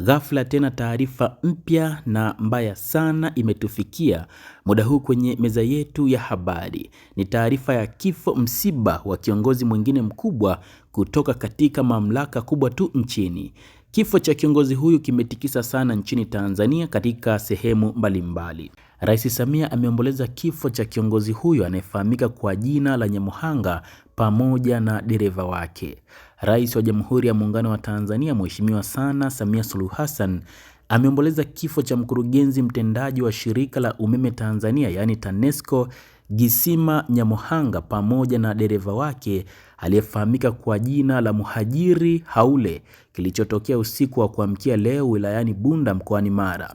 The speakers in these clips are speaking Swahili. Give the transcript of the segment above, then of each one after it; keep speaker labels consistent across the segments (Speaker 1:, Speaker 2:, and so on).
Speaker 1: Ghafla tena taarifa mpya na mbaya sana imetufikia muda huu kwenye meza yetu ya habari. Ni taarifa ya kifo, msiba wa kiongozi mwingine mkubwa kutoka katika mamlaka kubwa tu nchini. Kifo cha kiongozi huyu kimetikisa sana nchini Tanzania katika sehemu mbalimbali. Rais Samia ameomboleza kifo cha kiongozi huyo anayefahamika kwa jina la Nyamuhanga pamoja na dereva wake. Rais wa Jamhuri ya Muungano wa Tanzania Mheshimiwa sana Samia Suluhu Hassan ameomboleza kifo cha mkurugenzi mtendaji wa shirika la umeme Tanzania yaani TANESCO Gisima Nyamohanga pamoja na dereva wake aliyefahamika kwa jina la Muhajiri Haule kilichotokea usiku wa kuamkia leo wilayani Bunda mkoani Mara.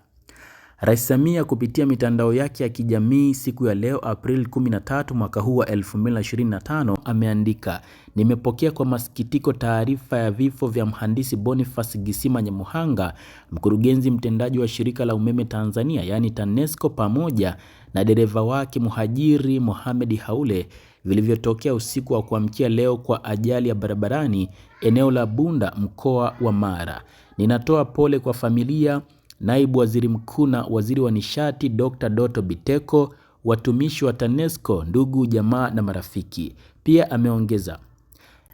Speaker 1: Rais Samia kupitia mitandao yake ya kijamii siku ya leo Aprili 13 mwaka huu wa 2025 ameandika, nimepokea kwa masikitiko taarifa ya vifo vya mhandisi Boniface gisima Nyamuhanga, mkurugenzi mtendaji wa shirika la umeme Tanzania yaani TANESCO, pamoja na dereva wake muhajiri Mohamed Haule vilivyotokea usiku wa kuamkia leo kwa ajali ya barabarani eneo la Bunda mkoa wa Mara. Ninatoa pole kwa familia naibu waziri mkuu na waziri wa nishati Dr. Doto Biteko, watumishi wa TANESCO, ndugu jamaa na marafiki. Pia ameongeza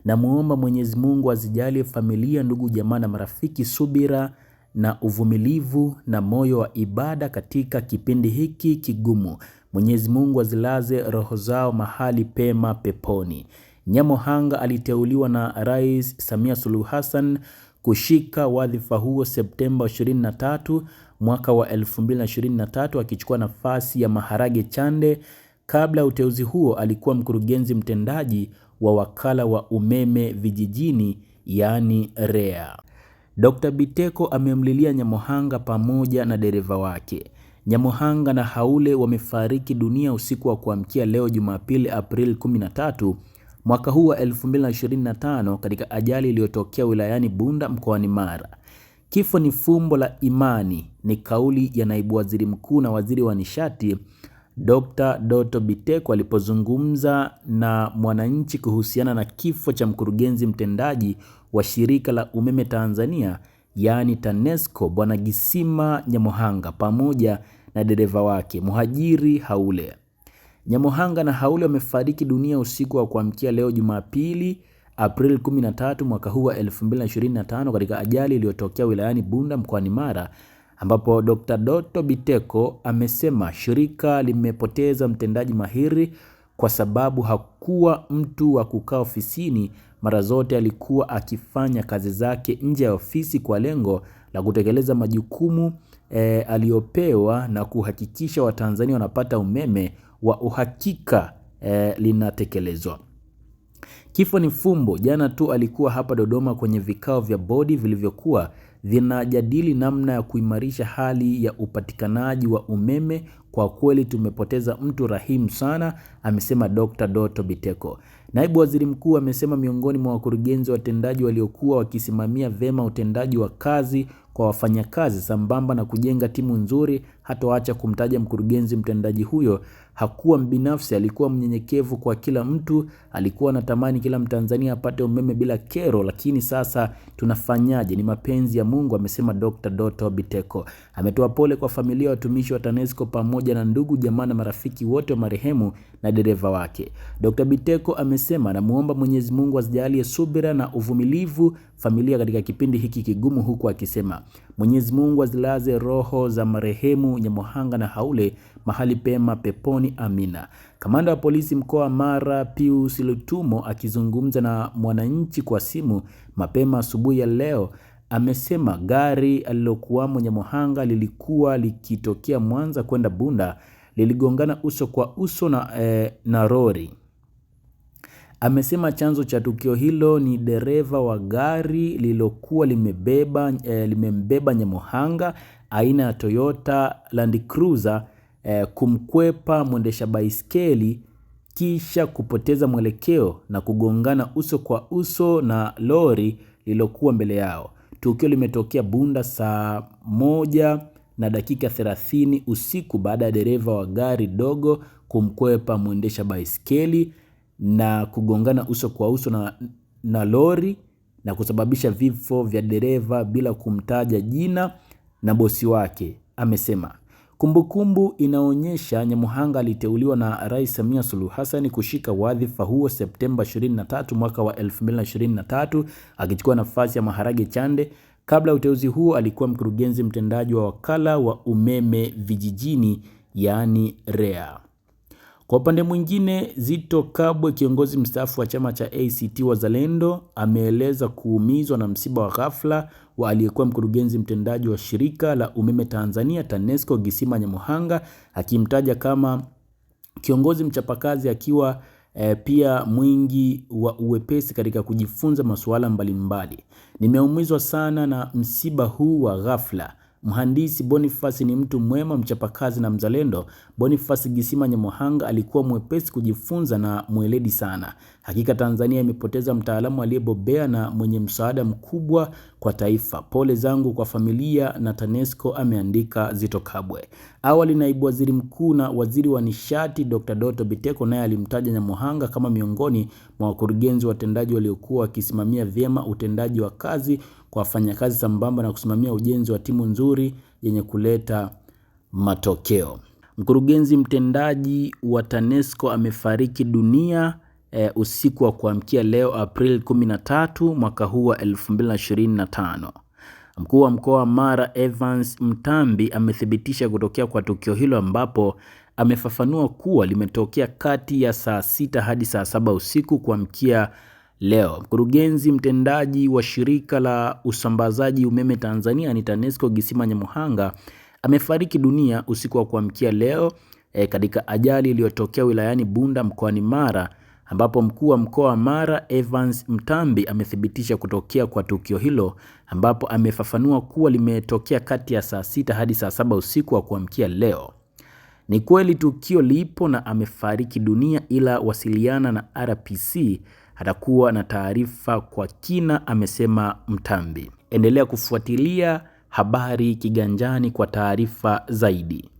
Speaker 1: namwomba Mwenyezi Mungu azijalie familia, ndugu jamaa na marafiki subira na uvumilivu na moyo wa ibada katika kipindi hiki kigumu. Mwenyezi Mungu azilaze roho zao mahali pema peponi. Nyamohanga aliteuliwa na Rais Samia Suluhu Hassan kushika wadhifa huo Septemba 23 mwaka wa 2023 akichukua nafasi ya Maharage Chande. Kabla uteuzi huo alikuwa mkurugenzi mtendaji wa wakala wa umeme vijijini yaani REA. Dr. Biteko amemlilia Nyamohanga pamoja na dereva wake. Nyamohanga na Haule wamefariki dunia usiku wa kuamkia leo Jumapili Aprili 13 mwaka huu wa 2025 katika ajali iliyotokea wilayani Bunda mkoani Mara. Kifo ni fumbo la imani, ni kauli ya naibu waziri mkuu na waziri wa nishati Dr. Doto Biteko alipozungumza na Mwananchi kuhusiana na kifo cha mkurugenzi mtendaji wa shirika la umeme Tanzania yaani TANESCO Bwana Gisima Nyamohanga pamoja na dereva wake Muhajiri Haule. Nyamohanga na Haule wamefariki dunia usiku wa kuamkia leo Jumapili, Aprili 13 mwaka huu wa 2025 katika ajali iliyotokea wilayani Bunda mkoani Mara ambapo Dr. Doto Biteko amesema shirika limepoteza mtendaji mahiri kwa sababu hakuwa mtu wa kukaa ofisini. Mara zote alikuwa akifanya kazi zake nje ya ofisi kwa lengo la kutekeleza majukumu e, aliyopewa na kuhakikisha Watanzania wanapata umeme wa uhakika e, linatekelezwa. Kifo ni fumbo. Jana tu alikuwa hapa Dodoma kwenye vikao vya bodi vilivyokuwa vinajadili namna ya kuimarisha hali ya upatikanaji wa umeme. Kwa kweli tumepoteza mtu rahimu sana, amesema Dr. Doto Biteko. Naibu Waziri Mkuu amesema miongoni mwa wakurugenzi watendaji waliokuwa wakisimamia vema utendaji wa kazi kwa wafanyakazi sambamba na kujenga timu nzuri, hataacha kumtaja mkurugenzi mtendaji huyo. Hakuwa mbinafsi, alikuwa mnyenyekevu kwa kila mtu, alikuwa anatamani kila Mtanzania apate umeme bila kero, lakini sasa tunafanyaje? Ni mapenzi ya Mungu, amesema Dr. Doto Biteko. Ametoa pole kwa familia ya watumishi wa TANESCO pamoja na ndugu, jamaa na marafiki wote wa marehemu na dereva wake. Dr. Biteko ame amesema namwomba Mwenyezi Mungu azijalie subira na uvumilivu familia katika kipindi hiki kigumu, huku akisema Mwenyezi Mungu azilaze roho za marehemu Nyamohanga na Haule mahali pema peponi, amina. Kamanda wa polisi mkoa wa Mara Pius Lutumo akizungumza na Mwananchi kwa simu mapema asubuhi ya leo amesema gari alilokuwamo Nyamohanga lilikuwa likitokea Mwanza kwenda Bunda liligongana uso kwa uso na, eh, na lori Amesema chanzo cha tukio hilo ni dereva wa gari lililokuwa limebeba e, limembeba nyamohanga aina ya Toyota Land Cruiser e, kumkwepa mwendesha baiskeli kisha kupoteza mwelekeo na kugongana uso kwa uso na lori lililokuwa mbele yao. Tukio limetokea Bunda saa moja na dakika 30 usiku baada ya dereva wa gari dogo kumkwepa mwendesha baiskeli na kugongana uso kwa uso na, na lori na kusababisha vifo vya dereva bila kumtaja jina na bosi wake, amesema. Kumbukumbu inaonyesha Nyamuhanga aliteuliwa na Rais Samia Suluhu Hassan kushika wadhifa huo Septemba 23 mwaka wa 2023 akichukua nafasi ya Maharage Chande. Kabla ya uteuzi huo, alikuwa mkurugenzi mtendaji wa wakala wa umeme vijijini, yaani REA. Kwa upande mwingine, Zitto Kabwe, kiongozi mstaafu wa chama cha ACT Wazalendo, ameeleza kuumizwa na msiba wa ghafla wa aliyekuwa mkurugenzi mtendaji wa shirika la umeme Tanzania TANESCO Gissima Nyamuhanga, akimtaja kama kiongozi mchapakazi akiwa e, pia mwingi wa uwepesi katika kujifunza masuala mbalimbali. Nimeumizwa sana na msiba huu wa ghafla. Mhandisi Boniface ni mtu mwema, mchapakazi na mzalendo. Boniface Gisima Mohanga alikuwa mwepesi kujifunza na mweledi sana. Hakika Tanzania imepoteza mtaalamu aliyebobea na mwenye msaada mkubwa kwa taifa. Pole zangu kwa familia na TANESCO, ameandika zitokabwe Kabwe. Awali naibu waziri mkuu na waziri wa nishati Dr. Doto Biteko naye alimtaja Nyamuhanga kama miongoni mwa wakurugenzi watendaji waliokuwa wakisimamia vyema utendaji wa kazi kwa wafanyakazi sambamba na kusimamia ujenzi wa timu nzuri yenye kuleta matokeo. Mkurugenzi mtendaji wa TANESCO amefariki dunia e, usiku wa kuamkia leo April 13 mwaka huu wa 2025. Mkuu wa mkoa wa Mara Evans Mtambi amethibitisha kutokea kwa tukio hilo ambapo amefafanua kuwa limetokea kati ya saa sita hadi saa saba usiku kuamkia leo. Mkurugenzi mtendaji wa shirika la usambazaji umeme Tanzania ni TANESCO Gisima Nyamuhanga amefariki dunia usiku wa kuamkia leo e, katika ajali iliyotokea wilayani Bunda mkoani Mara ambapo mkuu wa mkoa wa Mara Evans Mtambi amethibitisha kutokea kwa tukio hilo ambapo amefafanua kuwa limetokea kati ya saa sita hadi saa saba usiku wa kuamkia leo. Ni kweli tukio lipo na amefariki dunia, ila wasiliana na RPC atakuwa na taarifa kwa kina, amesema Mtambi. Endelea kufuatilia habari Kiganjani kwa taarifa zaidi.